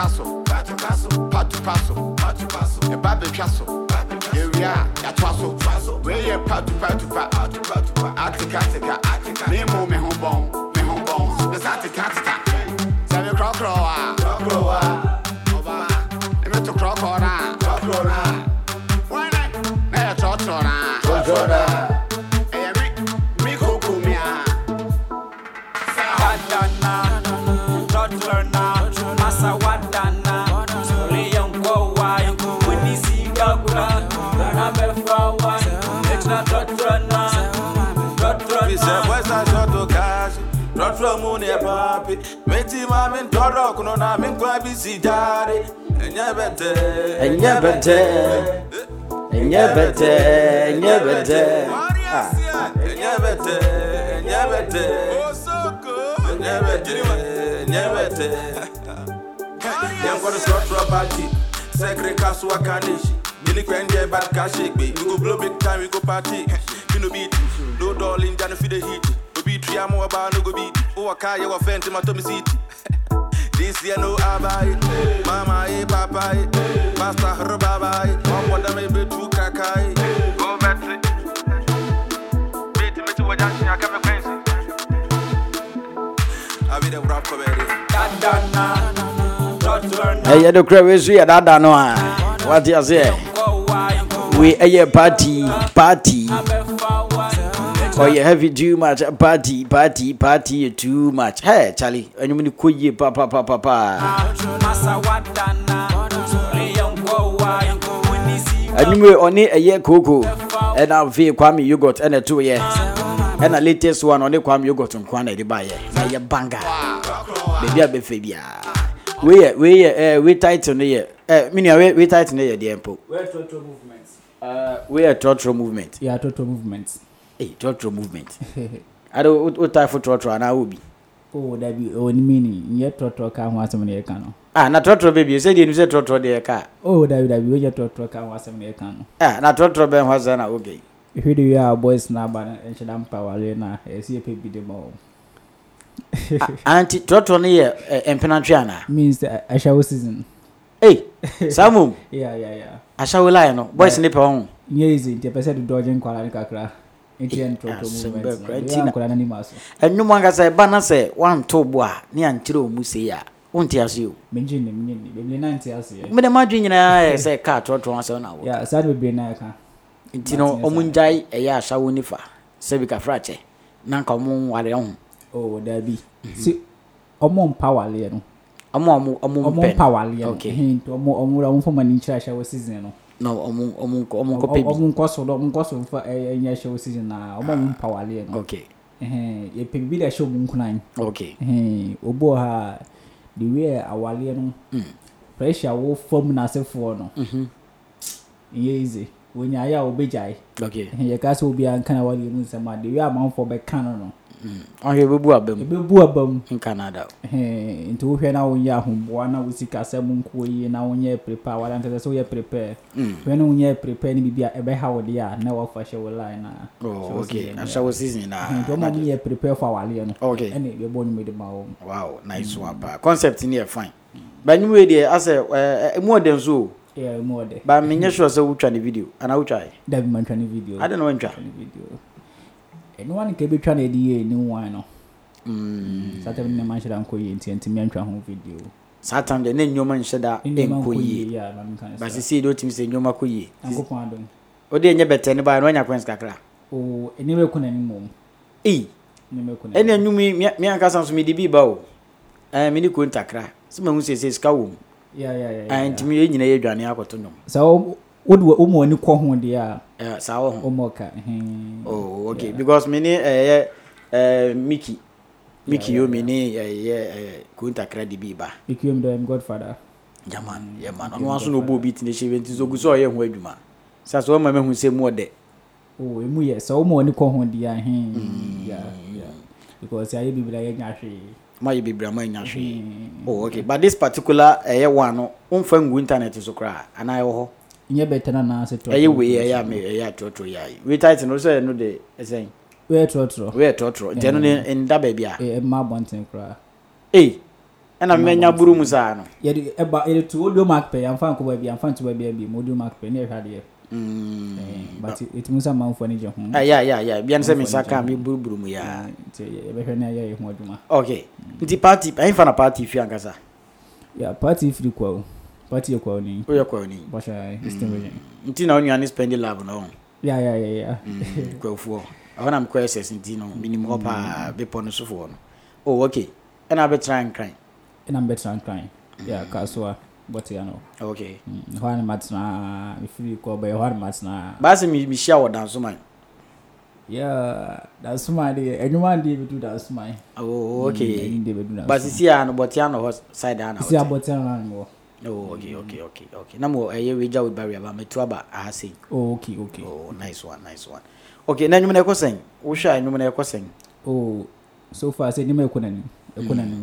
Picasso, Patu Passo, castle, Passo, Patu Passo, a Babu Castle, here we are, a Twasso, Twasso, where you Patu Patu Patu Patu Patu Patu Patu Patu Patu Patu Patu Patu Patu Patu rock no na me kwa bi si dare enye bete enye bete enye bete enye bete enye ah, ah. bete enye bete osoko enye bete enye bete yan kwa so tro party segre kasu akanishi nili kwende bar kashigbe we go blow big time we go party you no beat no dolling down for the heat Obi tri amu aba no go beat o wa kaye wa fenti ma to mi city This year no abai. Mama e papai. Master her babai. Mom wada me be tu kakai. Go betri. Beti me tu wada shi akame kwenzi. Abi de rap comedy. Dadana. Hey, you do crazy, you don't what you say. We eh, a party, party. Oh yeah, heavy too much. Party, party, party too much. Hey, Charlie, and you mean kuye pa pa pa pa pa. Anyway, oni eye koko. And I'll feel Kwame yogurt and a two year. And the latest one on the Kwame yogurt on Kwana de Baye. Na ye banga. Baby abe febia. We we eh we title no ye. Eh minia we we title no ye de empo. We are Totoro movement. Uh we are Totoro movement. Yeah, Totoro movement. Hey, eh, trotro movement. Ado o ta fo trotro ana obi. Oh, that be oh ni mini. Nye trotro ka ho asem na yeka no. Ah, na trotro baby, you said you said trotro de yeka. Oh, that be that be you trotro ka ho asem na yeka no. Ah, na trotro ben ho asem na oge. Ihu de ya boys na ba na enchida mpawale na esi epe bi de mo. Anti trotro ni ye empenantwe ana. Means a season. Hey, eh, Samu. yeah, yeah, yeah. Ashawo line no. Boys ni pe ho. Nye izi, te pese de dodge nkwala ni kakra ɛnom ankasa ɛba na sɛ woanto bo a ne ankyerɛ ɔ mu sei a wonte ase o mede madwe nyinaa yɛ sɛ kar torɔtorɔ asɛ wonawɔ nti no ɔmo ngyae ɛyɛ ahyɛ wo fa sɛ bikafra kyɛ na nka ɔmo nware ho daabi ɔmo mpa waleɛ no ɔmo ɔmo mpɛ no ɔmo mpa waleɛ no nti ɔmo ɔmo fɔmani nkyerɛ ahyɛ wɔ season no na ɔmo ɔmo ɔmo nkɔ pɛ bi ɔmo nkɔ so ɔmo nkɔ so nfa ɛyɛ ɛnyɛ ɛhyɛ osi na ɔmo ɔmo mpa wale no okay ɛhɛn yɛ pɛ bi da ɛhyɛ ɔmo nkunan obi wɔ ha the way awale no mm. pressure wo fam n'asefoɔ no mm-hmm. yɛ easy wɔnyɛ ayɛ a wɔbɛgyae okay ɛhɛn eh, yɛ ka sɛ obiara nkan awale no nsɛm a the way amanfoɔ bɛka no no ɔhwɛ mm. ɛbɛbu aba mu ɛbɛbu aba mu nkanada eh, nti wohwɛ na woyɛ ahoboa na wo sikasɛm nkuo yi na wonyɛ prepare wada ntɛ sɛ woyɛ prepare mm. hwɛ ne wonyɛ prepare ne biribi a ɛbɛha wo deɛ a na wafa hyɛ wo line oh, na ahyɛ wo season na eh, nti ɔma ne yɛ prepare for awaleɛ no ɛne yɛbɔ no mede ma wɔ wow nice mm. one pa concept ni yɛ fine banyim wei deɛ asɛ ɛmu eh, ɔdɛn so o Yeah, more there. But I'm sure so which one video Ana I will try. video. I don't know when ɛno wa ne ka ebetwa na ɛde yɛ ɛni wan no mm. saa tam ne ma nkɔ yie nti ɛntumi antwa ho video saa tam deɛ ne nneɛma nhyɛda nkɔ yie baasi sii de o timi sɛ nneɛma kɔ yie ankokɔn adom o ɛnyɛ bɛtɛ ne ba no wanya coins kakra oo ɛni bɛ kun n'anim wɔm eyi ɛni ɛnum mi mi ankasa nso mi de bi ba o ɛɛ mi ni ko ntakra sɛ ma n sɛ sɛ sika wɔm ɛɛ ntumi yɛ nyina yɛ aduane akɔto nnwom wode wɔn ani kɔ ho deɛ a saa wɔ ho wɔn ɔka oh okay yeah. because mi ni ɛyɛ ɛɛ miki miki yomi ni ɛyɛ kunta kredi bi ba miki yomi dɛ godfather yaman mm, yaman ɔno aso na obo obi ti ne se nti so gusa ɔyɛ ho adwuma sasɔ wɔn ma mi hu se mu ɔdɛ. o oh, emu yɛ sɛ wɔn ani kɔ ho deɛ ahɛn mm. because ayɛ bibiri ayɛ nya hwee ma yɛ bebree ama nya hwee mm. oh okay but this particular ɛyɛ one no n fa ngu internet so koraa anaa ɛwɔ hɔ nyɛ bɛtɛ na naa sɛ tɔɔtɔ ɛyɛ wei ɛyɛ ame ɛyɛ atɔɔtɔ yɛ ayi wei taiti no sɛ no de ɛsɛn wei tɔɔtɔ wei tɔɔtɔ nti ni nda baabi a ɛɛ mma abɔnten koraa ee ɛna mmɛnya buru mu saa no yɛde ɛba yɛde tu audio mark pɛ yɛnfa nko baabi yɛnfa nto baabi abi mu audio mark pɛ ne yɛhwɛ adeɛ but etu musa manfoɔ ne gye ho ɛyɛ ayɛ ayɛ bia ne sɛ mi nsa kaa mi buruburu mu yaa nti yɛbɛhwɛ ne ayɛ yɛ okay nti party ɛnfa party fi ankasa yɛ party firi Party your corny. Oh, your corny. What's I? Distinguishing. Until na you are spending love now. Yeah, yeah, yeah, yeah. Go for. I want to question, you know, minimum up a bit on the sofa. Oh, okay. And I'll be trying crying. And I'm better than crying. Mm. Yeah, Kasua. But you know. Okay. One mm, match na if you call by one match na. Basi mi mi share what dance man. Yeah, that's de day. Anyone day we do that's my. Oh, okay. Mm, any day we do that's. Basi si ano botiano side ano. Si abotiano ano. Oh, okay, okay, okay, okay. Now, eh, I hear we just bury Oh, okay, okay. Oh, nice one, nice one. Okay, now you mean Usha, you mean I Oh, so far say you mean I question.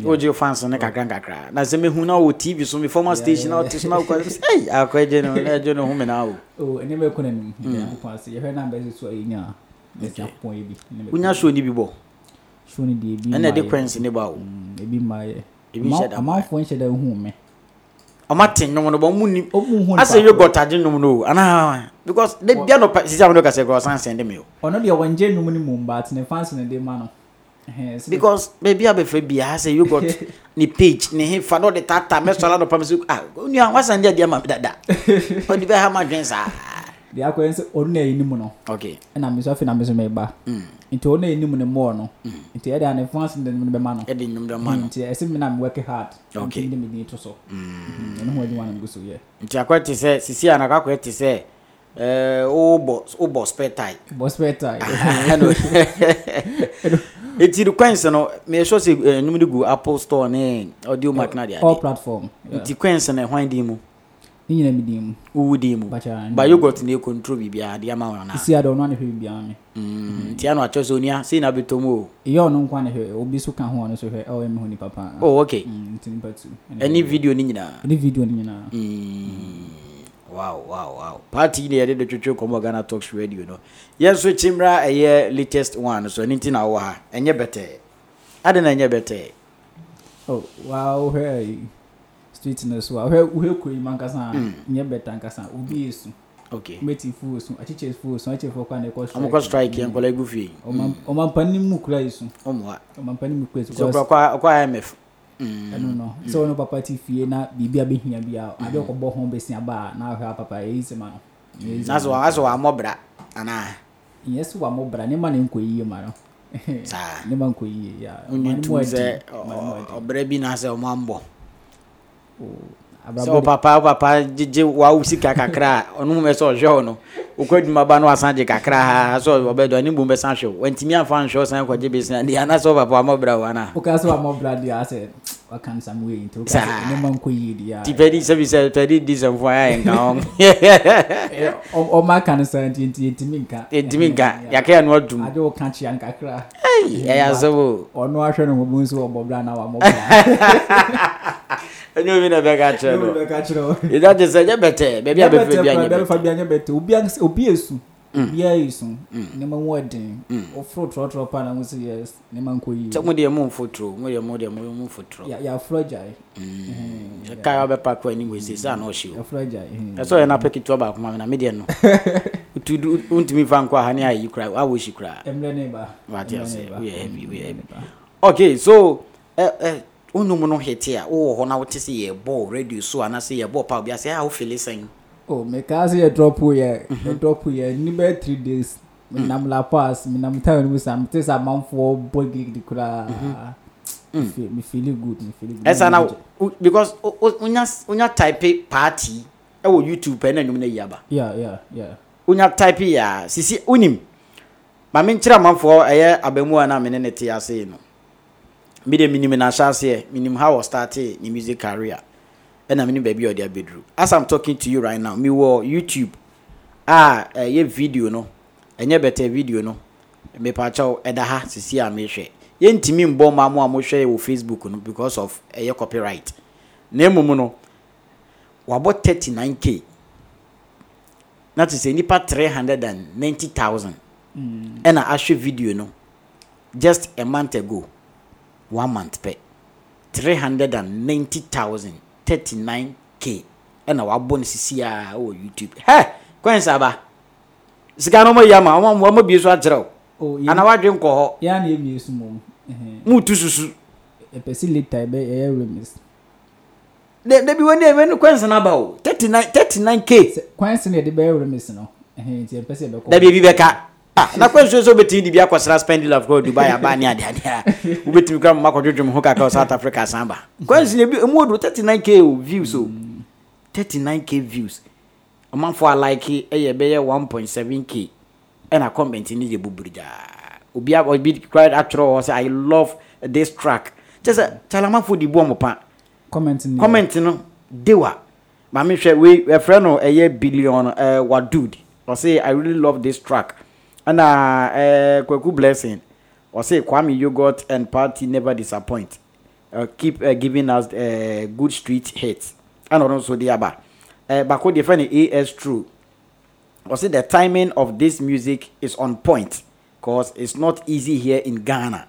wogye fans no kakra na sɛ mehu na wɔ tv so me former station na wote so na wokɔsei akɔgye na agye no ho menaa wo nneɛma ɛkɔ nanim nyankopɔn ase yɛhwɛ na mbɛsɛ so a yɛnya nyankopɔn yɛ bi wonya soo ni e bi bɔ soo ne deɛ ɛna ɛde prince ne ba wo ebi mmaayɛ amanfoɔ nhyɛ da hu me ọma te nnwom no bọ ọmụ ni asị yogurt agye nnwom no ana because de bia no sisi ahụ n'okasa ekura ọsan sende mi o. ọno deɛ wɔn gye nnwom no mu mba ati ne fans ne de ma no. because beebi a bɛfɛ bia asɛ yogurt ne page ne he fa n'ɔde tata mɛsɔla n'ɔpam so ah onua wasan deɛ deɛ ma dada ɔde bɛ ha ma dwen saa. deɛ akɔyɛ sɛ ɔno na ɛyi ne mu no. okay ɛna mbɛsɔ afei na mbɛsɔ mɛ ba. Mm nti ɔno anim ne mmoɔ no hmm. nti ɛde ane fo ase ndɛnum bɛma no ɛde nnwom dɛma no hmm. nti ɛsɛ mi na mi work hard nti ne mi din to so hmm. ɛno ho adwuma na mi gu yɛ. nti akɔ te sɛ sisi a naka akɔ te sɛ ɛɛ wobɔ wobɔ spare tie. bɔ spare tie. ɛno eti coins no mi sɔ sɛ ɛnum eh, gu apple store ne audio mark de ade. all platform. nti coins no ɛhwan di mu ne nyina mi din mu wowu din mu ba yogurt ne control biribiaa de ama wo anaa si ada ɔno anehwɛ biribiaa me mm, nti ano akyerɛ sɛ onua sei na bɛtɔ mu o ɛyɛ ɔno nko anehwɛ obi so ka ho ɔno so hwɛ ɛwɔ me ho nipa paa oh okay mm, nti nipa tu ɛne video ne nyinaa ne video ne nyinaa mm. wow wow wow party ne yɛde de twetwe kɔmɔ ghana talks radio no yɛn nso kyimra ɛyɛ latest one so ɛne nti na wɔ ha ɛnyɛ bɛtɛɛ ade na ɛnyɛ oh wow hey street no so a wohɛ wohɛ kuro yi ma nkasa a mm. nyɛ bɛta nkasa obi esu okay meti fo so akyekyere fo so akyekyere fo kwan na ɛkɔ strike ɔmɔkɔ strike yɛn kɔla egu fie mm. ɔmampanin mu kura yi so ɔmɔa ɔmampanin mu kura yi so sɛ ɔkɔ imf mm. ɛno no sɛ ɔno papa ti fie na biribi abɛhia bi a ade ɔkɔbɔ ho bɛsia ba a na ahwɛ a papa ɛyi sɛma no n'asɔ asɔ wa mɔ bra anaa nyɛ sɛ wa mɔ bra ne ma ne nkɔ yie ma no saa ne ma nkɔ yie ya ɔni tum sɛ ɔbrɛ bi na sɛ ɔmo ambɔ sɛ wo papa wo papa gyegye wawo sika kakra a ɔno mu bɛsɛ ɔhwɛ wo no wokɔ adwumaba no wasan gye kakra ha sɛ ɔbɛdɔ ne mbom bɛsan hwɛ wo wantumi amfa nhwɛ wo san kɔgye bɛsina deɛ anasɛ wo papa wamɔbra wo ana woka sɛ wamɔbra deɛ asɛ wakan sam wei nti woka sɛ nema nkɔ yie deɛ nti pɛdi sɛ bi sɛ pɛdi di sɛmfo ayɛ nka wɔn ɔma ka no sa eh, nti nti yɛntumi nka yɛntumi eh, nka yɛaka yɛ no adum ade wo ka kyea nkakra ɛyɛ asɛm o ɔno ahwɛ no ho mu nso wɔmɔbra na wamɔbra ɛnyɛ obi na ɛbɛka kyerɛ no ɛbɛka kyerɛ no yɛda gye sɛ nyɛ bɛtɛ baabi a bɛfɛ bi a nyɛ bɛtɛ bɛfa bi a nyɛ bɛtɛ obi a obi esu obi a esu nneɛma mu ɛden ɔforo trɔtrɔ paa na mo si yɛ nneɛma nko yie sɛ mo deɛ mo mfoturo mo deɛ mo deɛ mo mo mfoturo yafuro gyae kaa ɔbɛpa kɔ anim esi sɛ ana ɔhyɛ o yafuro gyae ɛsɛ ɔyɛ n'apɛ ketewa baako ma mi na mi deɛ no tudu ntumi fa nkɔ aha ne ayi kura awo si kura ɛmrɛ ne ba ɛmrɛ ne ba ok so ɛ eh, ɛ. Eh, wonum no hete oh, ah, oh, a wowɔ hɔ na wote sɛ yɛbɔ radio so anaasɛ yɛbɔ pa obia sɛ a wofele sɛn oh mekaa sɛ yɛdrɔp yɛ yɛdrɔp yɛ ni bɛyɛ three days menam mm. la pass menam time no mu sa mete sɛ amanfoɔ bɔ girigiri koraa me mm-hmm. mm. feeling good me feeling good ɛsa eh, eh, na because wonya wonya type party ɛwɔ youtube pɛ na nnwom no yi aba yeah yeah yeah wonya type yɛ a sisi wonim ma menkyerɛ amanfoɔ ɛyɛ eh, abamu a na mene ne te ase no mi de minim n'ahyɛaseɛ minim how I started ne music career ɛna minim baabi a ɔde abɛduru as i'm talking to you right now me wɔ youtube a eh, ɛyɛ video no ɛnyɛ bɛtɛ video no mipatsaw ɛda ha sisi a mehwɛ yɛntumi mbɔ mmaa mu a mohwɛ wɔ facebook no because of ɛyɛ copyright na emum no wabɔ thirty nine k na te sɛ nipa three hundred and ninety thousand mm. ɛna ahwɛ video no just a month ago one month pɛ three hundred and ninety thousand thirty nine k ɛna wabɔ ne sisi a wɔ youtube hɛ kwan saba sika no ɔmɔ yi ama ɔmɔ ɔmɔ bie so akyerɛw ana wadwe nkɔ hɔ yaa ebie so mɔm mu tu susu ɛpɛ si lita ɛbɛ ɛyɛ remis de de bi wɔn de ɛbɛ no kwan sana ba o thirty nine thirty nine k kwan sana yɛ de bɛyɛ remis no ɛhɛn ti ɛpɛ si ɛbɛ kɔ dabi ebi bɛ ka ah na kwan so so betimi de bi akɔsra spending of god dubai aba ne ade ade a wobɛtumi kra mma kɔdwodwom ho kaka south africa san ba kwan si bi emu 39k views o 39k views ɔmanfo alike like ɛyɛ bɛyɛ 1.7k ɛna comment ne yɛ bubiri gyaa obi a obi atwerɛ hɔ sɛ i love this track kyɛ sɛ kyalamafo de bu ɔmo pa comment no dewa maame hwɛ wei ɛfrɛ no ɛyɛ billion ɛɛ eh, wadud ɔsɛ i really love this track ɛna ɛɛ eh, kwaku blessing ɔsɛ kwame yogurt and party never disappoint uh, keep uh, giving us uh, good street hits ɛna ɔno nso de aba ɛɛ eh, baako deɛ fɛn no as true ɔsɛ the timing of this music is on point cause it's not easy here in ghana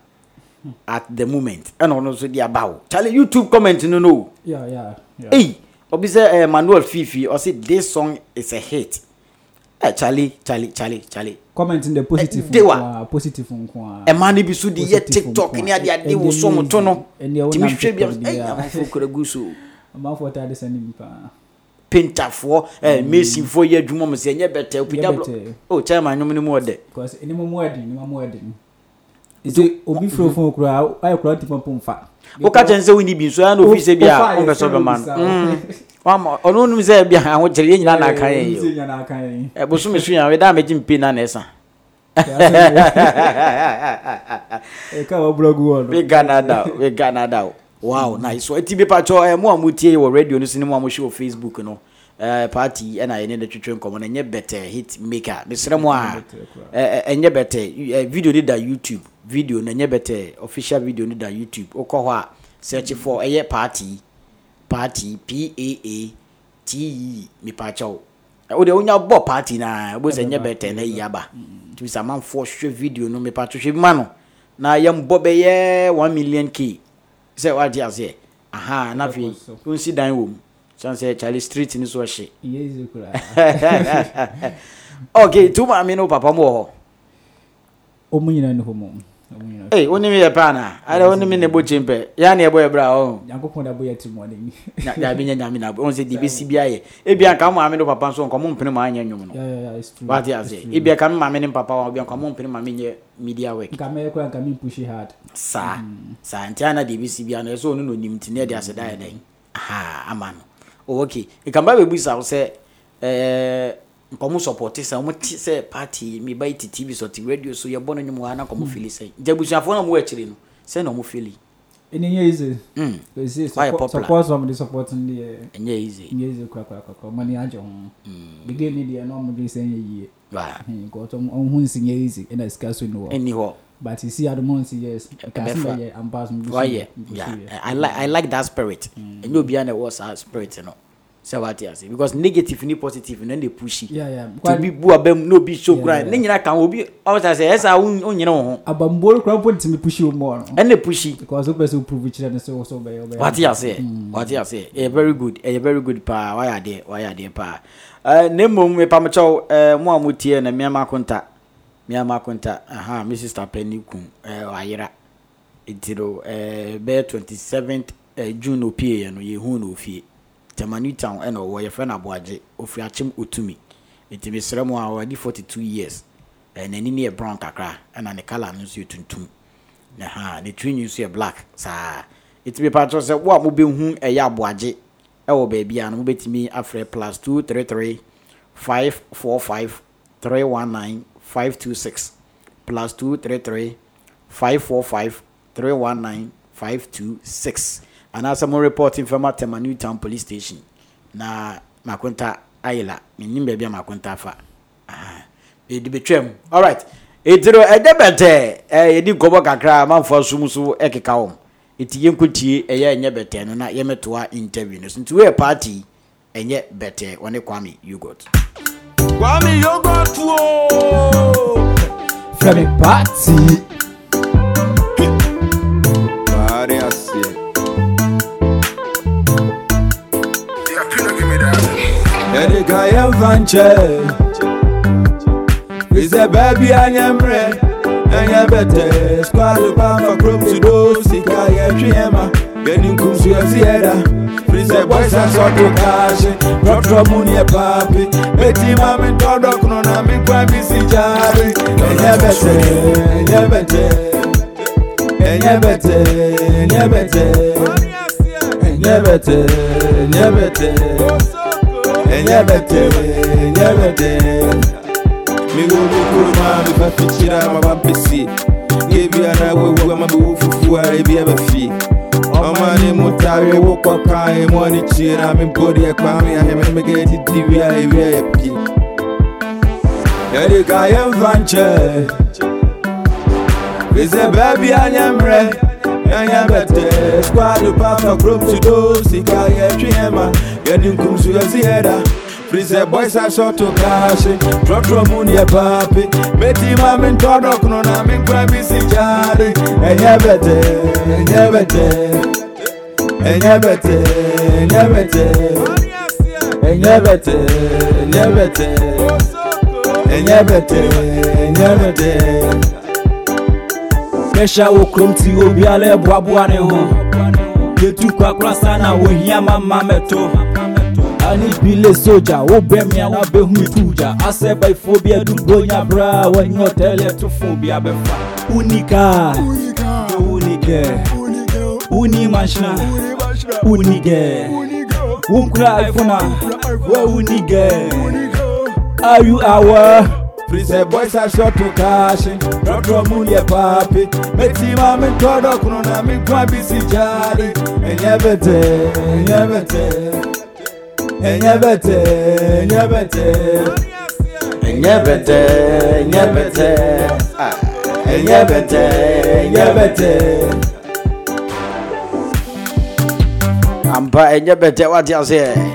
at the moment ɛna ɔno nso de aba o kyale youtube comment no no. Yeah, yeah, Hey, obi sɛ ɛɛ manuel fifi ɔsɛ this song is a hit. ɛ hey, kyale kyale kyale comment in the positive eh, de wa positive nko a ɛma no bi so de yɛ tiktok ne ade ade wo so mo to no timi hwɛ bia ɛyɛ eh, amanfoɔ kora gu so amanfoɔ ta de sɛ ne nipa pentafoɔ ɛɛ eh, mm. mesinfoɔ yɛ adwuma mo sɛ ɛnyɛ bɛtɛ opinya blɔ o oh, kyɛn ma anyom ne mu ɔdɛ. because ɛnima mu ɛdi ɛnima mu obi furo mm. fun okura ayɛ kura ti pɔnpɔn fa. o ka kyɛn sɛ wo ni bi nso ɛyɛ na ofi se bi a o bɛ sɔ no wama ɔno nim sɛ bia ho kyerɛ yɛ nyina na aka yɛ yi bosome so nyina meda mɛgye mpe na na ɛsa weganada weganada wow nice so ɛti bi pakyɛ ɛ mo a motie yi wɔ radio no so ne mo a mohwɛ wɔ facebook no Uh, party ɛna yɛne de twetwe nkɔmmɔ no ɛnyɛ bɛtɛ hit maker mesrɛ mu a ɛnyɛ bɛtɛ video no da youtube video no ɛnyɛ bɛtɛ official video da youtube wokɔ hɔ a search for ɛyɛ party party p a a t e, e. mepakyɛw wode eh, wonya bɔ party na wobɛ sɛ nyɛ bɛtɛ na yi aba nti mm, mm. sɛ amanfoɔ hwɛ video no mepatwo hwɛ bi ma no na yɛmbɔ bɛyɛ 1 million k sɛ wagye aseɛ aha na afei wonsi dan wɔ mu san sɛ charlie street ni so ɔhye ok tu maame no papa mu wɔ hɔ ɔmu nyina ne hɔ mu Hey, woni mi yɛ paa na ada woni mi ne bo kyen pɛ yaa ne ɛbɔ yɛ bra ɔ. Nyankopɔn da bo yɛ ti mɔden ni. Na yaabi nyɛ nyame na ɔn sɛ de bi si bi ayɛ ebi anka mo maame ne papa nso nkɔmɔ mpene mo anyɛ nnwom no. Waati ase ebi anka mo maame ne papa wa obi nkɔmɔ mpene maame nyɛ media work. Nka mɛ kura nka mi push hard. Saa mm. saa nti ana de bi si bi ana ɛsɛ ɔno na onim ti ne ɛde aseda yɛ dɛ aha ama no. Oh, Ɔwɔ ke nkamba bɛ bu sa sɛ ɛɛ. Eh, nkɔmɔ sɔpɔte sɛ wɔn ti sɛ paati mi ba yi ti tv so ti radio so yɛ bɔ ne nimu ha na nkɔmɔ fili sɛ jabusuafo na wɔn akyire no sɛ na wɔn fili. ɛni nye easy. mm wayɛ popular support wɔn de support n deɛ. ɛnyɛ easy. Eh, nye easy kura kura kura kura ɔmɔ ni agye ho. gege ni deɛ n'ɔmɔ de sɛ nye yie. waa nkɔtɔ ɔmo nsi nye easy ɛna sika so ni hɔ. ɛni hɔ. but you see adumu nsi yes. ɛbɛfa e- i like i like that spirit. ɛnyɛ obiara na ɛwɔ saa spirit no sɛ wate ase because negative ni positive na ne push To tobi bu abam na obi so kora ne nyina ka obi ɔsa sɛ ɛsa wonyene wo ho abambuo kora mpo ntimi push wo mɔ no ɛne push because wopɛ sɛ woprove kyerɛ no sɛ wo sɛ wobɛyɛ wobɛyɛ wate ase wate ase ɛyɛ very good ɛyɛ eh, very good paa wayɛ adeɛ wayɛ adeɛ paa eh, na mmom mepamkyɛw eh, mo a motie na mmeama akonta mmeama akonta aha me sister pani kum wayera nti no bɛyɛ 27th june opieɛ no yɛhu no tamani town ɛna ɔwɔ yɛfrɛ no aboagye ɔfiri akyem ɔtumi nti mesrɛ mu a ɔadi 42 years n'ani no yɛ brown kakra ɛna ne colour no nso yɛ tuntum na ha ne tirinwi nso yɛ black saa ɛtumi pa kyerɛ sɛ wo a mobɛhu ɛyɛ aboagye ɛwɔ baabi a no mobɛtumi afrɛ plus 233 545 319 526 plus 233 545 319 526 anaasɛ mo report mfɛm atɛma Town police station na makonta ayela menim baabi a makonta Fa. ɛde bɛtwam alright ɛti e no ɛdɛ bɛtɛɛ yɛdi nkɔmmɔ e e kakra amanfoɔ so mu so ɛkeka wɔm ɛti yɛnkɔtie ɛyɛ ɛnyɛ bɛtɛɛ no na yɛmɛtoa interview no so nti woyɛ party ɛnyɛ bɛtɛɛ ɔne kwame yogot kwame yogot o fɛmi party ka yɛ mfa nkyɛ fisɛ baabi anyɛ mmerɛ ɛnyɛ bɛtɛ squado pamfa kurom sudo sika yɛtwe ɛma yɛne nkum so yɛsi ɛda fisɛ bɔsa sɔdo kaahye trɔtrɔ mu neɛ paape mɛti ma medɔdɔ kono na mekwan bi si gyaare ɛnyɛ bɛtɛ ɛnyɛ bɛtɛ ɛnyɛ bɛtɛ ɛnyɛ bɛtɛ ɛnyɛ bɛtɛ ɛnyɛ bɛtɛ Enyabete, enyabete, enye bete migubi kuruma bifafikira amabapisi ngebyana wewe amabiwufufuwa ebyabafi omani mutawe wokwaka emoni kira mibori yakwami yahememegedidibya ebyayabyi yarigaye mvanche bize bebyanyamre ɛnyɛ bɛtɛ squad pafa kurom sudo sika yɛtwe ɛma yɛne nkum so yɛsi ɛda Freeze boys are short to cash. Drop from on your papi. Meti ma min todo kuno na min kwa si jari. Enye bete, enye bete. Enye bete, enye bete. Enye bete, enye bete. Enye bete, enye bete. Nesha wo krom ti wo biale boaboa ne ho Yetu kwa sana wo hia mama meto Ani soja wo be mi ana be hu tuja Ase by phobia du bonya bra wa nyotele tu phobia be fa Unika Unika Unike Uni Unige Unkra iPhone Wo unige Are you aware Freeze boys are short to cash. Not from Mulia Papi. Betty Mamma Todo Kuna, me Quabi Sijari. And never tell, never tell. And never tell, never tell. And never tell, never tell. And never tell, never tell. I'm by a never tell what you say.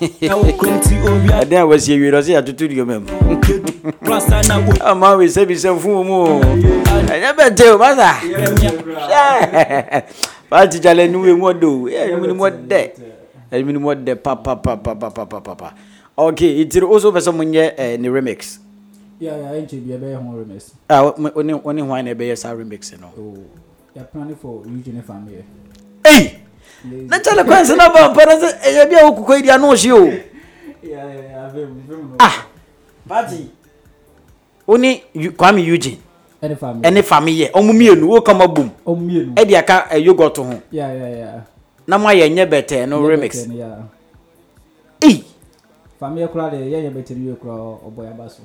ɛde a wɔsi awie no ɔsɛ yɛatoto duoma mu ama we sɛ bisɛ fo mu o ɛnyɛ bɛte o masa paatikyala anuwe mu ɔdɛ o ɛnumene mu ɔdɛ ɛnumene mu ɔdɛ papapapapapapa okay ntiri woso pɛ sɛ monyɛ ne remix Yeah, yeah, NGB, I bear home remix. Ah, only one, I bear sa remix, you know. Oh, they're planning for Eugene family. Hey! na kyɛne kwan sɛ na ba mpa no sɛ ɛyɛ bi a wokokɔ adi ano hye o ah wo ne kwame eugene ɛne fame yɛ ɔmo mmienu o ma bom ɛde aka eh, yogot ho na moayɛ nyɛ bɛtɛɛ no remix ei fameɛ koraa deɛ yɛyɛ bɛtɛ no yɛ koraa ɔbɔ yaba so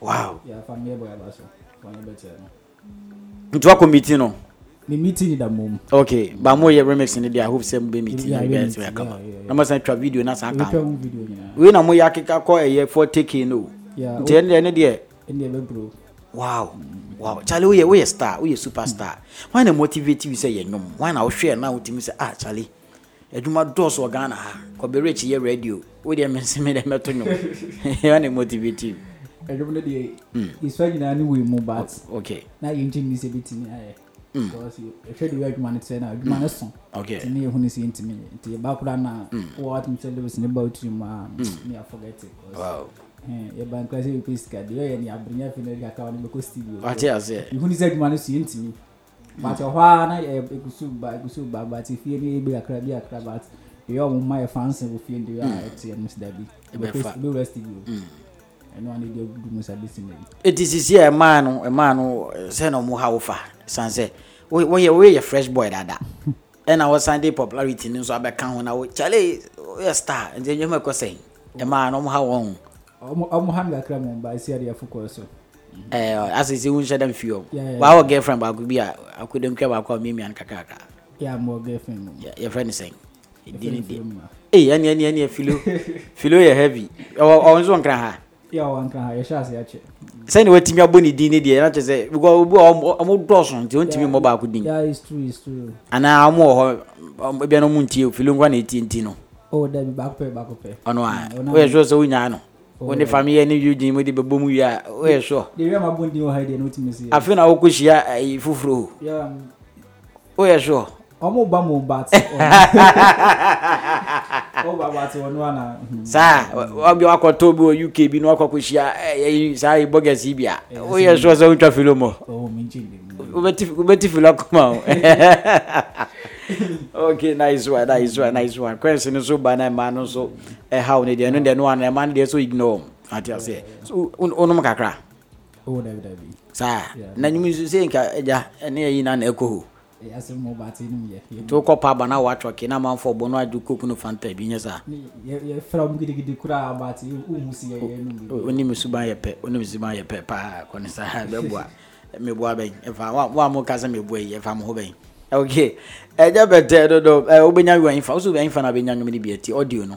wow fameɛ bɔ yaba so fameɛ bɛtɛ no nti wakɔ meeting no me meeting da mom okay ba mo ye remix ni I hope say mo be meeting na guys we come na mo san twa video na san ka we na mo ya keka ko e for take no yeah then then oh. dia ne be bro wow wow charlie we we star we superstar why na motivate you say ye nyom why na wo hwe na wo timi say ah charlie adwuma dɔɔso wɔ ghana ha kɔbɛrɛ akyi yɛ radio wo deɛ mɛnse me dɛ mɛto nwom ɛwa ne motivative adwuma no deɛ yɛsua nyinaa ne wei mu bat na yɛnkyɛ nni sɛ bɛtumi ayɛ ɛhwɛ de wadwuma no sɛ na adwuma no so nti ne yɛhu no sɛ yɛntimi nti yɛba kora na wɔatumi sɛ lewis ne ba wotiri mu a ne yɛafɔgɛte yɛba nkora sɛ yɛpɛ sika deɛ ɔyɛ ne aberenya afei no kaka wo no bɛkɔ studio yɛhu no sɛ adwuma no so yɛntimi but ɛhɔ a na ɛkusu ba ɛkusu ba but fie no yɛbi akra bi akra but deɛ ɔmo ma yɛ fansen wɔ fie deɛ a ɛte ɛmo sida bi ɛbɛwura studio ɛno ane deɛ gu mu sa bɛsi na bi ɛti sisi a ɛmaa no ɛmaa no sɛ na ɔmo ha wo fa san sɛ woyɛ woyɛ fresh boy dada ɛna wɔ sunday popularity no nso abɛka ho na wo kyale woyɛ star nti ɛnyɛ mu ɛkɔ sɛn ɛmaa no ɔmo ha wɔn ho ɔmo ha nkakra mu ba esi adeɛ afo kɔɔ so ɛɛ asese wo nhyɛ dɛm fie o waa wɔ girlfriend baako bi a akodenkura baako a ɔmemia no Kakaka. yɛ amɔ girlfriend mu yɛfrɛ ne sɛn ɛdi ne deɛ ɛyɛ ɛni ɛni ɛni filo filo yɛ heavy ɔwɔ ɔwɔ nso nkran ha sɛne watumi abɔ ne din ne deɛ nakyɛ sɛ obi a ɔmo dɔɔso nti ɔntumi mmɔ baako din anaa ɔmo wɔ hɔ biano mu ntie fili nkwa na ɛti nti no oh, ɔno a mm, woyɛ sure sɛ wonyaa no oh, wo ne fameyɛ ne wiwdin mu de bɛbɔ mu wie a woyɛ sure afei na wokɔ hyia eh, foforo o mm. woyɛ sure ɔmo ba mo bat saa ɔbi wakɔtɔ bi wɔ uk bi na wakɔkɔhyia ɛyi saa yi bɔgɛs yi bia woyɛ soɔ sɛ wotwa filo mɔ wobɛti filo akoma o okay nice one nice one nice one kwɛnsi no so ba na ɛma no so ɛhaw ne deɛ ɛno deɛ no wa na ɛma no deɛ so ignore ate aseɛ wonom kakra saa na nwumi nso sɛ nka agya ɛne ayi na na ɛkɔ hɔ yasɛ mɔ baate nim yɛ. nti wokɔ pa aba na watwɔ ke na amanfo ɔbɔ no agye koku no fanta bi nyɛ saa. yɛfrɛ mu gidigidi koraa baate wohu si yɛyɛ nom bi. onim suban yɛ pɛ onim suban yɛ pɛ paa kɔne saa bɛboa meboa bɛn ɛfa wa mo ka sɛ meboa yi ɛfa mo ho bɛn ok ɛgya bɛtɛ dodo wobɛnya wiwa nyifa wo so wobɛnya nyifa na wobɛnya nwom no bi ati audio no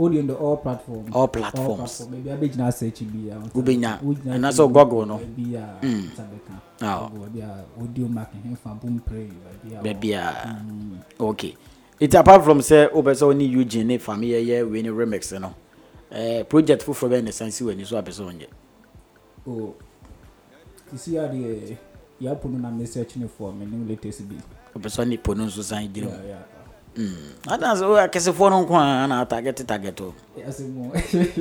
audio on all platforms. all platforms ebi abegyina ase search bi ya. wobɛnya anaasɛ gɔgl no bi ya nsabɛka gɔgl bi ya audio mark nfa bumpire baabi ya ok it apart from sɛ wobɛ sɛ wone eugene ne fami yɛyɛ wei ne remix no eh, project foforɔ bɛyɛ ne san si w'ani so apɛ sɛ wonyɛ o sisi adeɛ yɛapono na ni kyene foɔ menim si bi wopɛ ni ponu pono nso san gyina mu hata akese fono nkwa na target target o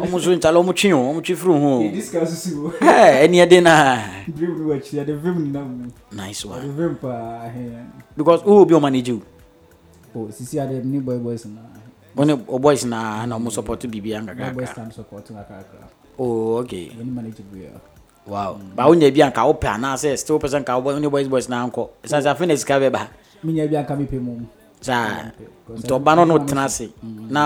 ɔmo so nkyale ɔmo twi o ɔmo twi firi ho ɛni ɛdi na nice one because wo obi ɔma n'egye o sisi na na ɔmo support bibi an oh wow mm. ba wo nya bi anka wo anaasɛ still pɛ sɛ nka ne boys boys na ankɔ ɛsan sɛ afei na oh. sika bɛ ba. bi anka mu. saa nti ɔba no na ase na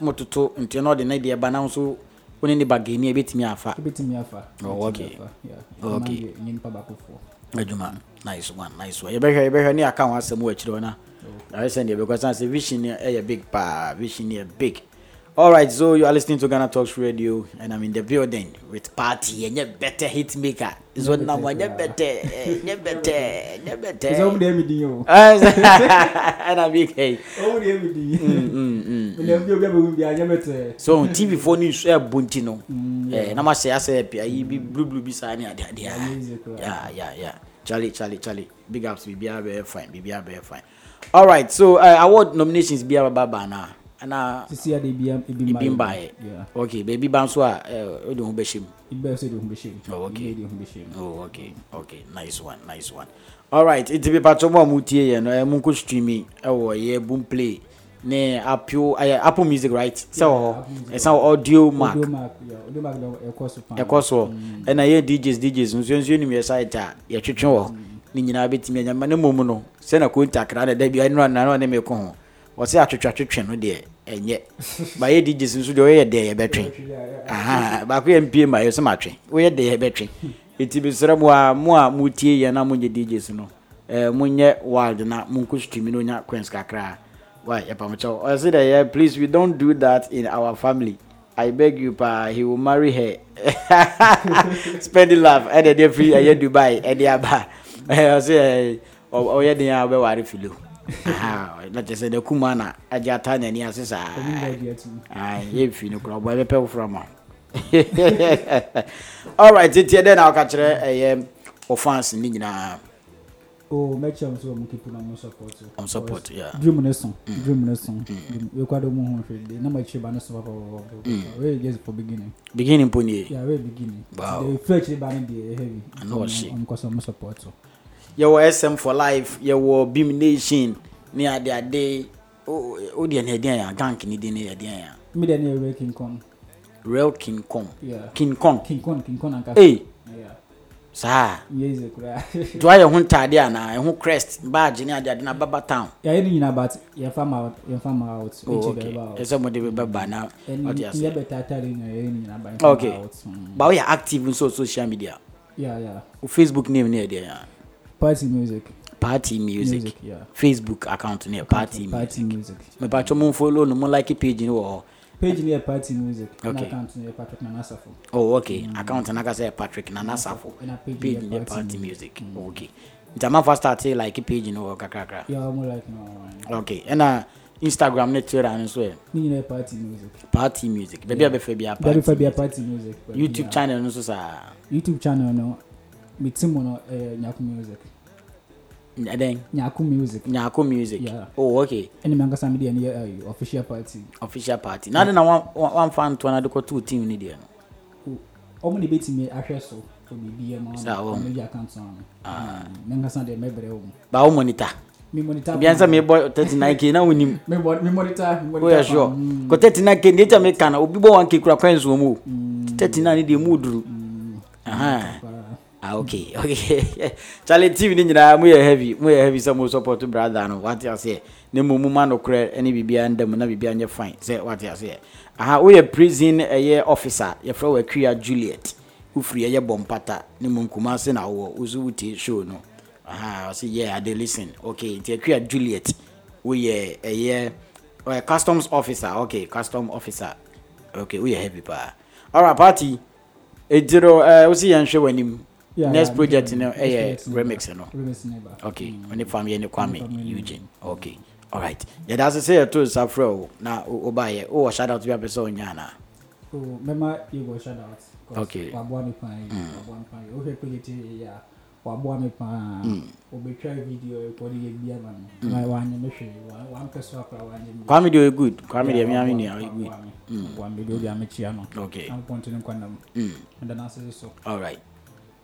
mototo nti na ɔde ba na nso wone ne bagani a ɛbɛtumi afa adwuma nice one nice one yɛbɛhwɛ yɛbɛhwɛ ne aka ho asɛm wɔ akyirɛ hɔ no ayɛ sɛ neɛ bɛkɔ sɛ vision ɛyɛ big paa vision big All right, so you are listening to Ghana Talks Radio, and I'm in the building with Party and your better hit maker. Eh, is what now one better, better, better. It's only me dio. And I'm okay. Only me dio. Hmm hmm. Only me dio be anya better. So TV phone is a bunti no. Mm, eh, na ma say say pia yi blue blue blue bi sa ni ade ade. Yeah yeah yeah. Charlie Charlie Charlie. Big ups bi bia be fine. Bi bia be fine. All right, so uh, award nominations bi aba ba na ana uh, sisi ade bi ebi mba ebi mba yɛ ok beebi ba nso a eh, o de ho bɛ hyɛ mu ibɛ bɛ hyɛ oh ok de ho bɛ hyɛ mu oh ok ok nice one nice one alright nti pepa tó mu a mo tie yɛ no eh, mo nko streaming ɛwɔ eh, yɛ boom play ne apple ɛyɛ apple music right sɛ wɔ hɔ ɛsan wɔ audio mark audio mark ɛkɔ so paa ɛkɔ so ɛna yɛ djs djs nsuo nsuo nim yɛ site a yɛtwetwe wɔ ne nyinaa bɛtumi ɛnyɛ mma ne mom no sɛ na ko ntakra na da bi ɛnura na ne mɛko ho wɔsi atwitwatwitwe no deɛ ɛnyɛ bayɛ di gyesi nso deɛ ɔyɛ deɛ yɛbɛtwe baako yɛ mpie ma yɛ sɛ ma twe ɔyɛ deɛ yɛbɛtwe eti bi srɛ mo a mo a mo tie yɛ na mo nyɛ di gyesi no ɛɛ mo nyɛ wild na mo nko sutumi na onya coins kakra wa yɛ pam kyɛw ɔsi deɛ yɛ please we don't do that in our family i beg you paa he will marry her spend laugh ɛna ɛde firi ɛyɛ dubai ɛde aba ɛɛ ɔsi ɛɛ ɔyɛ deɛ a ɔbɛware filo. Ah, na kyerɛ sɛ nakuma na agye ata n'ani ase saa ah, yɛmfii no kora ɔbɔ ɛbɛpɛ wofora ma alright tiɛ dɛn na woka kyerɛ ɛyɛ ɔfans ne nyinaa o mɛkyɛ m sɛ ɔmo kepu na ɔmo support dream ne so dream ne so yɛkwa dɛ mu ho hwɛ de na makyiri ba ne so papapapa wɛyɛ just for beginning beginning mpo yeah wɛyɛ beginning wow the eh, first ba ne deɛ ɛyɛ heavy ɛna ɔhye ɔmo kɔ sɛ ɔmo support yɛwɔ sm for life yɛwɔ beam nation ne ade ade o deɛ ne ɛdeɛn ya gank ne de ne ɛdeɛn ya. mi de ni yɛ real king kong. real king kong. Yeah. king kong. king kong king kong anka. ee saa. yeze kura. do ayɛ ho ntaade ana ɛho crest badge ni ade ade na baba town. yɛayɛ ne nyinaa but yɛn fa ma yɛn fa ma out. o oh, ok ɛsɛ mo de bɛ ba na ɔde ase. ɛni yɛ bɛ taa taa de nyinaa yɛn nyinaa ba yɛn fa ma out. ok bawo yɛ active nso social media. yeah yeah. o facebook name ne yɛ deɛ yan party music party music, music yeah. facebook account ne party, party music mepatwɛ mu mfolo no mu like page no wɔ page ne yɛ party music okay. account ne yɛ patrick nanasafo oh okay mm. account na kasa yɛ patrick nanasafo page ne yɛ party music mm. okay nti amafo start like page no wɔ kakrakra yeah, like, no, okay ɛna instagram ne twitter no so yɛ ne nyinaa yɛ party music party music baabi a bɛfɛ bia party, party music youtube channel no so sa. youtube channel no me team on uh, eh, Nyaku music. Then Nyaku music. Nyaku music. Yeah. Oh, okay. Any manga sami di ni uh, eh, official party. Official party. Now na one one fan to another ko two team ni there. Oh, omo ni beti eh, me ahwe so. Obi bi e ma. Sa wo. Me ya kan so. Ah. Manga mm. san de me bere wo. Ba wo monitor. Me monitor. Bi ansa me boy 39k na wonim. Me boy me monitor. Oh, yeah, sure. Ko 39k mm. ni ta me kan obi bo 1k kura kwen zo mu. 39 ni de mu duru. Mm. Aha. Ah, okay, okay. Charlie TV ni nyinaa mu yɛ heavy mu yɛ heavy sɛ mu support brother no wate aseɛ ne mu mu ma nokorɛ ne biribia nda mu na biribia nyɛ fine sɛ aha prison ɛyɛ officer yɛfrɛ wɔ akua juliet wofiri ɛyɛ bɔ ne mu nkuma se na wowɔ wo show no aha ɔse yɛ ade listen okay nti akua juliet ɛyɛ eh, eh, customs officer okay custom officer okay heavy party eh, w'anim yeah, next yeah, project no ɛyɛ eh, remix no okay ɔne fam yɛ ne kwame eugene okay alright yɛda ase sɛ yɛto nsa frɛ o na wobaayɛ wowɔ shout out bi apɛ sɛ wonya anaa mɛma yɛbɔ shout out okay waboa mm. mm. mm. me paa waboa me paa wohwɛ project yɛ a waboa me paa wobɛtwa video ɛkɔde yɛ bia ma no na wanyɛ me hwee wampɛ so akora wanyɛ me kwame deɛ ɔyɛ good kwame deɛ meame nua ɔyɛ good waboa me deɛ obi amekyia no okay ampɔnte no nkwanam meda no ase so alright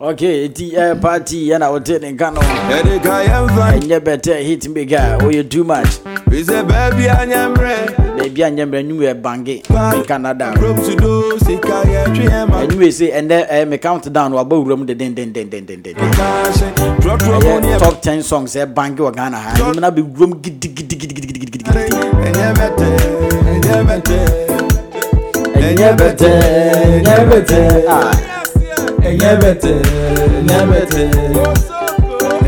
okay nti air eh, party yana wote ne nka no ɛnyɛ bɛtɛ hit maker woyɛ too much baabi anyɛmmerɛ anwumerɛ bange me canada anwumere sɛ ɛnɛ me count down waba wura mu dedendendendendɛyɛ top 10 songs ɛ eh, bange wɔ ghana ha nomna bɛwuram gidigidigidigidigidigidi ɛnyɛ bɛtɛ ɛnyɛ bɛtɛ enyebete enyebete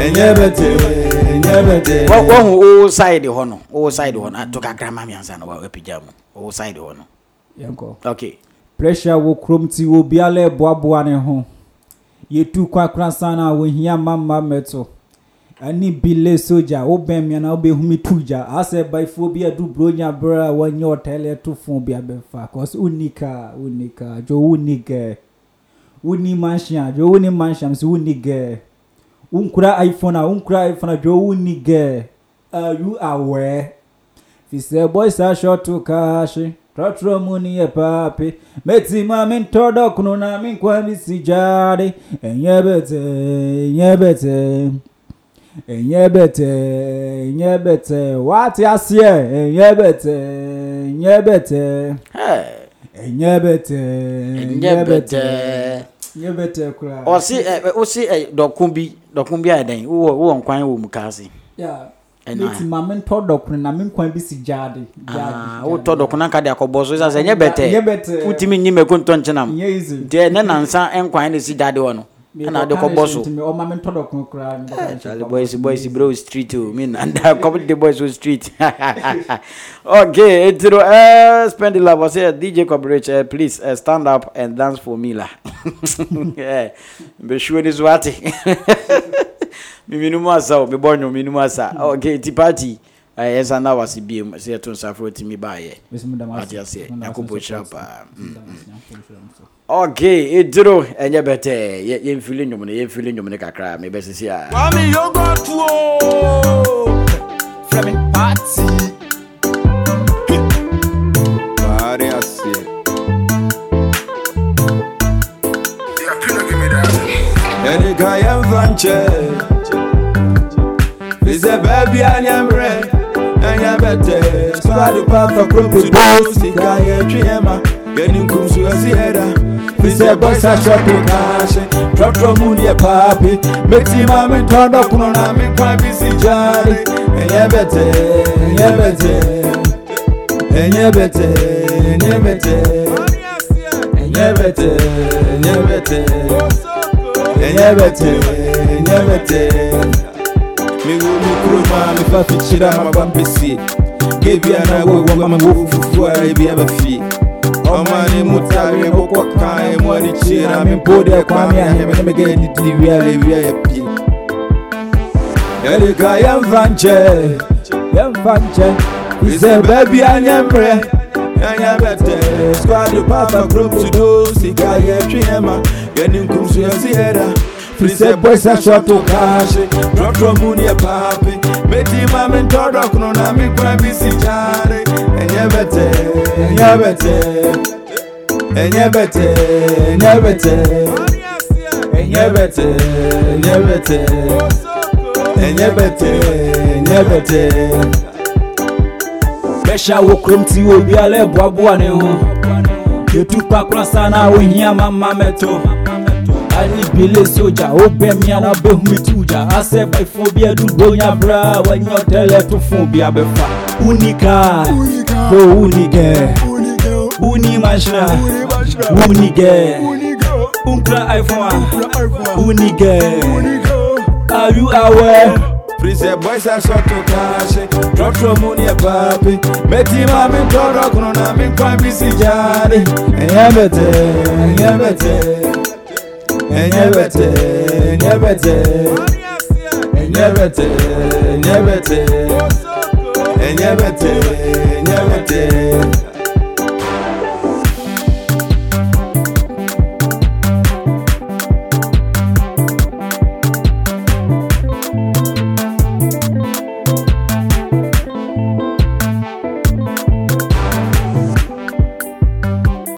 enyebete enyebete. wɔhu owo side hɔ no owo side hɔ no ato ah, kakra ma miansa na wapagya mu owo side hɔ no. yɛnkɔ ok. pressure wɔ kurom ti obiara ɛboaboa ne ho yɛtu kɔ akorasan na wɔhia mama mɛto ani bile soja wobɛn mmiana wobɛhumi tu gya asɛ baifoɔ bi adu buronya berɛ a wɔnyɛ ɔtɛlɛ to fun bi abɛfa kɔs unika, unika, dwo wonikɛ wonni mansion a dwo mansion nso wonni girl wonkura iphone a wonkura iphone a dwo wonni girl are you aware fi sɛ boys ahyɛ ɔto kaahye trɔtrɔ mu ni yɛ paape meti ma mi ntɔ dɔkono na mi nkwa mi si gyaade ɛnyɛ bɛtɛ ɛnyɛ bɛtɛ ɛnyɛ bɛtɛ ɛnyɛ bɛtɛ waate aseɛ ɛnyɛ bɛtɛ ɛnyɛ bɛtɛ ɛnyɛ bɛtɛ ɛnyɛ bɛtɛ ɔsi ɔsi ɛ dɔkun bi dɔkun bi ayɛ dɛn wowɔ wowɔ nkwan wɔ mu kaase. ɛnna ti maame ntɔ dɔkun na mi nkwan bi si gyaade. aa wotɔ dɔkun na ka di akɔbɔ so sisan sɛ nye bɛtɛ wutumi nyi mɛ ko ntɔ nkyɛn na mu nti ne nansa nkwan de si gyaade wɔ no ana ade kɔbɔ so charlie boys boys bro street o mi na da community boys o street okay etiro uh, eh, spend the lab ɔsɛ dj coverage uh, please uh, stand up and dance for me la mbɛsuo ni so ate miminu mu asa o mibɔ nyo miminu mu asa hmm. okay ti party ɛyɛ sa na wase bie mu sɛ yɛto nsafo tumi baayɛ ade aseɛ nyankopɔn hyira paa ok ɛduro ɛnyɛ bɛtɛɛ yɛmfili nnwom no yɛmfili nnwom no kakra mebɛsisi uh. oh. a mami yogotuo frɛ me party baare aseɛ yɛde pɛtɛ spade pafa krokodo sika yɛtwe ɛma yɛne nkumsuo si ɛda fisɛ bɔsa hyɛpo kaahye trɔtrɔ mu deɛ paape mɛti ma mentɔ dɔkono na menkwa bi si gyare ɛnyɛ bɛtɛ ɛnyɛ bɛtɛ ɛnyɛ bɛtɛ ɛnyɛ bɛtɛ ɛnyɛ bɛtɛ ɛnyɛ bɛtɛ ɛnyɛ bɛtɛ ɛnyɛ bɛtɛ miwumi kuruma mifafitira amabambesi gebyana wewama ngofufura ebyabafi omani mutabe bokwakae mwanikira mimpodya kwamyahemenemegenitibyala ebyayapi elika yemvanje yemvanje isebebyanyemre yanyabete squad papa group to do siga yetwiyema yeninkumsuyasiyera firi sɛ bɔsa so ato kaahye dɔdɔ mu neɛ paape mɛtima me ntɔdɔ kono na me kwan bi si kyare ɛnyɛ bɛtɛ ɛnyɛ bɛtɛ ɛnyɛ bɛtɛ ɛnyɛ bɛtɛ ẹ̀yẹ́ bẹ̀tẹ̀ ẹ̀yẹ́ bẹ̀tẹ̀ ẹ̀yẹ́ bẹ̀tẹ̀ ẹ̀yẹ́ bẹ̀tẹ̀. bẹ́ṣà wo kurom tí obi alẹ́ buabua ne ho yẹtu kpakura sanna awo hiã mama mẹ́tọ́ alibele soja ó bẹ̀mí alábẹ́hùn mi tujà asẹ́fà ìfún bí ẹdún gbóyà bra wẹ̀yìn ọ̀tẹ́lẹ̀ tún fún bí abẹ́fà. unika lo unike unimashina unike unkra iphone unike are you aware. Freeze boys are short to cash, drop from money a papi. Betty mami dog rock on a min crime busy jari. Yabete, yabete enye bete enye bete enye bete enye bete enye